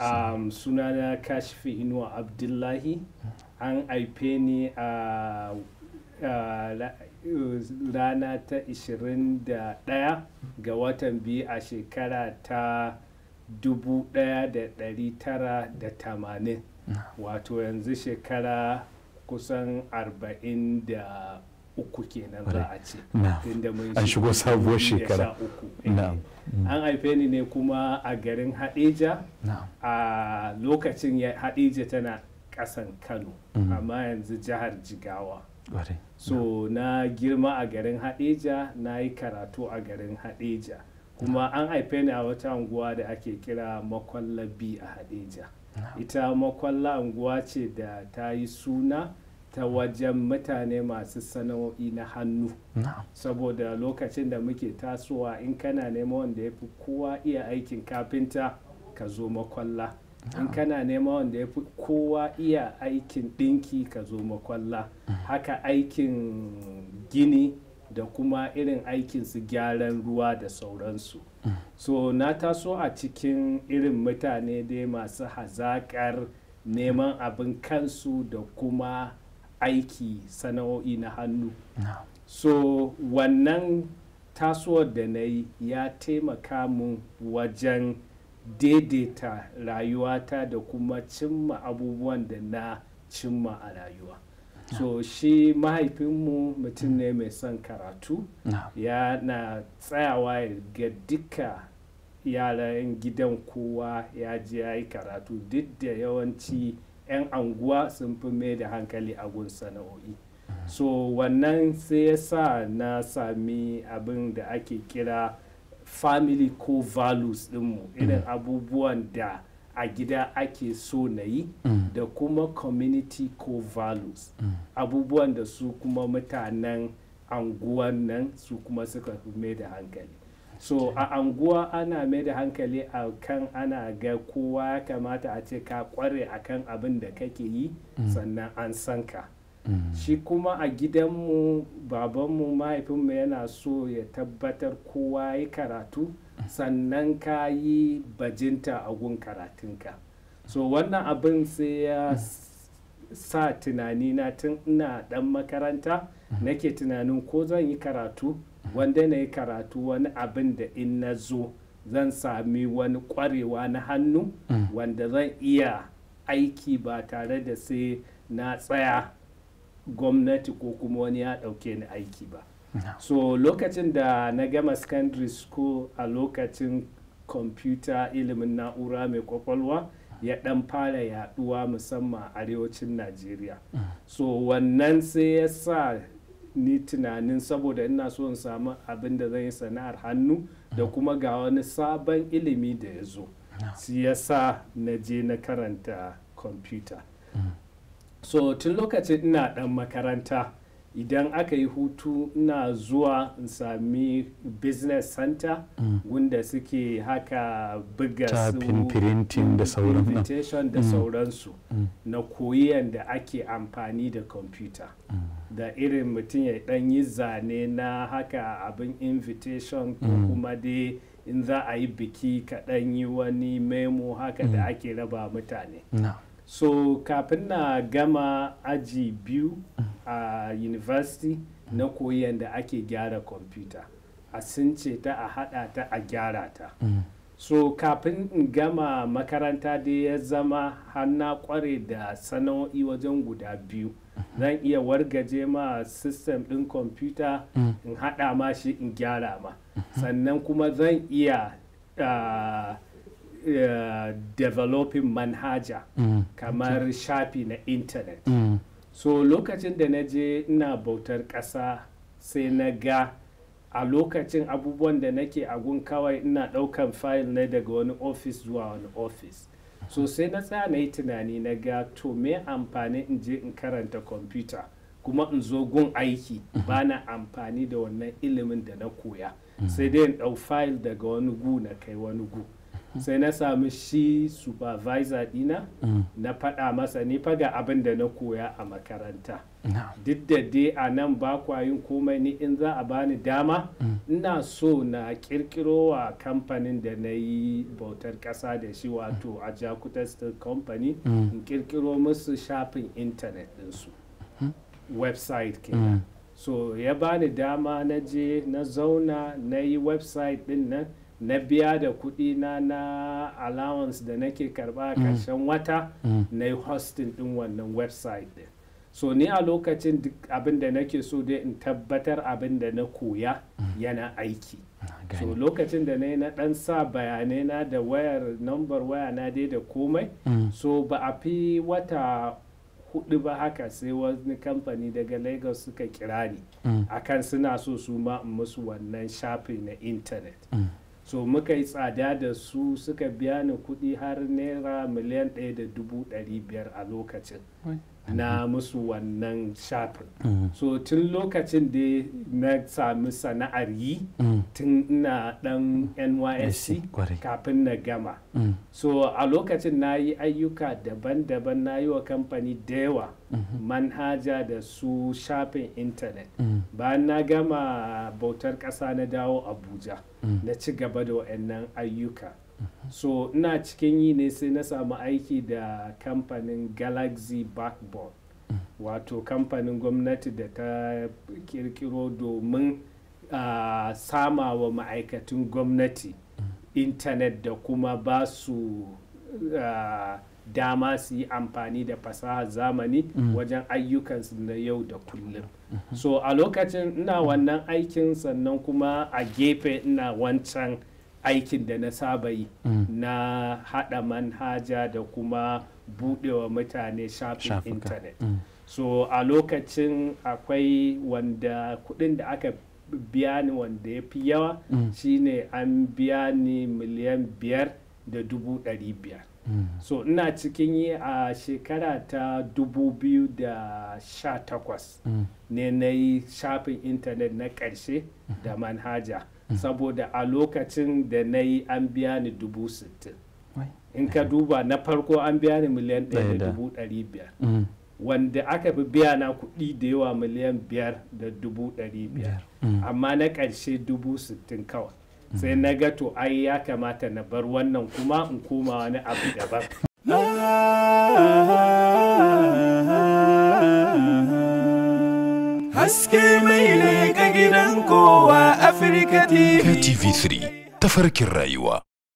um, sunana kashifi inuwa abdullahi an haife ni a rana ta 21 ga watan biyu a shekara ta 1980 wato yanzu shekara kusan da. uku kenan za a ce an shigo sabuwar shekara eh. mm. an haife ni ne kuma a garin hadeja a lokacin hadeja tana kasan kano mm. amma yanzu jihar jigawa so na girma a garin hadeja na yi karatu a garin hadeja kuma an haife ni a wata unguwa da ake kira makwallabi a hadeja ita makwalla unguwa ce da ta yi suna ta wajen mutane masu sana'o'i na hannu saboda lokacin da muke tasowa in kana nema wanda ya fi kowa iya aikin kafinta ka zo makwalla in kana nema wanda ya fi kowa iya aikin ɗinki ka zo makwalla mm. haka aikin gini da kuma irin aikin su gyaran ruwa da sauransu mm. so na taso a cikin irin mutane dai masu hazaƙar neman abin kansu da kuma aiki sana'o'i na hannu so wannan tasowar da na yi ya taimaka mun wajen daidaita rayuwata da kuma cimma abubuwan da na cimma a rayuwa so shi mahaifinmu mutum ne mai son karatu yana tsayawa ga duka yaran gidan kowa ya ji ya yi karatu duk da yawanci 'yan anguwa sun fi mai da hankali a gun sana'o'i so wannan sai ya sa na sami abin da ake kira family ko values dinmu mm. irin abubuwan da a gida ake so na yi mm. da kuma community ko values mm. abubuwan da su kuma mutanen anguwan nan su kuma suka fi mai da hankali so a anguwa ana mai da hankali a kan ana ga kowa ya kamata a ce ka kware a kan abin da kake yi mm. sannan an san ka mm. shi kuma a gidanmu babanmu mahaifinmu yana so ya tabbatar kowa ya karatu sannan ka yi bajinta a gun karatunka so wannan abin sai ya sa tunanina tun ina dan makaranta mm. nake tunanin ko zan yi karatu wanda na yi karatu wani abin da in na zo zan sami wani kwarewa na hannu mm. wanda zan iya aiki ba tare da sai na tsaya gwamnati ko kuma wani ya dauke ni aiki ba mm. so lokacin da na gama secondary school a lokacin kwamfuta ilimin na'ura mai kwakwalwa ya dan fara yaduwa musamman a arewacin najeriya mm. so wannan sai ya sa ni tunanin saboda ina so in samu abin da zan yi sana'ar hannu da mm. kuma ga wani sabon ilimi da ya zo siyasa na je na karanta kwamfuta mm. so tun lokacin ina dan makaranta idan aka yi hutu ina zuwa in sami business center mm. wanda suke haka buga su invitation da mm. sauransu mm. na koyan da ake amfani da computer da irin mutum ya dan yi zane na haka abin invitation ko kuma dai in za a yi biki kaɗan yi wani memo haka da ake raba mutane so kafin na gama aji biyu a university na koyi da ake gyara kwamfuta a sunce ta a hada ta a gyara ta mm. so kafin in gama makaranta da ya zama hanna kware da sana'o'i wajen guda biyu zan iya wargaje ma system din kwamfuta mm. in hada ma shi in gyara ma sannan kuma zan iya uh, developing manhaja mm. kamar shafi na internet mm. so lokacin da na je ina bautar ƙasa sai na ga a lokacin abubuwan da nake a gun kawai ina ɗaukan fayil na daga wani ofis zuwa wani ofis so sai na tsaya na yi tunani na ga to me amfani in je in karanta kwamfuta kuma in zo gun aiki mm-hmm. ba na amfani da wannan ilimin da na koya mm-hmm. sai dai in ɗau fayil daga wani gu na kai wani gu sai na sami shi supervisor dina mm. na faɗa masa ne faga abin da na koya a makaranta duk da dai a nan ba yin komai ni in za a bani dama mm. ina so na kirkiro wa kamfanin da na yi bautar ƙasa da shi wato mm. a jakuta steel company in kirkiro musu shafin intanet ɗinsu website ke so ya bani dama na je na zauna na yi website ɗin nan na biya da kuɗi na na allowance da nake karba a karshen mm. wata mm. na yi hosting ɗin wannan website ɗin so ni a lokacin abin da nake so dai in tabbatar abin da na koya mm. yana aiki so lokacin da na yi na dan sa bayanai na da wayar number waya na dai da komai so ba a fi wata hudu ba haka sai wani kamfani daga lagos suka kira ni akan suna so su ma musu wannan shafin na intanet so muka yi tsada da su suka biya ni kudi har naira miliyan ɗaya da dubu ɗari biyar a lokacin na musu wannan shafin mm. so tun lokacin da na sami sana'ar yi mm. tun ina dan nysc kafin na gama mm. so a lokacin na yi ayyuka daban-daban na yi wa kamfani da yawa manhaja da su shafin intanet mm. bayan na gama bautar ƙasa na dawo abuja mm. na ci gaba da waɗannan ayyuka mm-hmm. so ina cikin yi ne sai na samu aiki da kamfanin galaxy backbone mm. wato kamfanin gwamnati da ta kirkiro domin a sama wa ma'aikatan gwamnati intanet da kuma ba su Eh, dama su yi amfani da fasahar zamani mm. wajen ayyukansu na yau da kullum mm-hmm. so a lokacin ina wannan aikin sannan kuma a gefe ina wancan aikin da na saba yi mm. na haɗa manhaja da kuma buɗewa mutane shafin intanet mm. so a lokacin akwai wanda kuɗin da aka biya ni wanda ya fi yawa shine an biya ni miliyan biyar da dubu ɗari biyar hmm. so ina cikin yi a shekara ta dubu biyu da sha takwas hmm. ne na yi shafin intanet na ƙarshe hmm. da manhaja saboda a lokacin da na yi an biya ni dubu sittin in ka duba na farko an biya ni miliyan ɗaya da dubu ɗari biyar wanda aka fi biya na kuɗi da yawa miliyan biyar da dubu ɗari biyar amma na ƙarshe dubu sittin kawai sai na ga to ai ya kamata na bar wannan kuma in koma wani abu daban haske mai ne ga gidan kowa afirka tv3 tafarkin rayuwa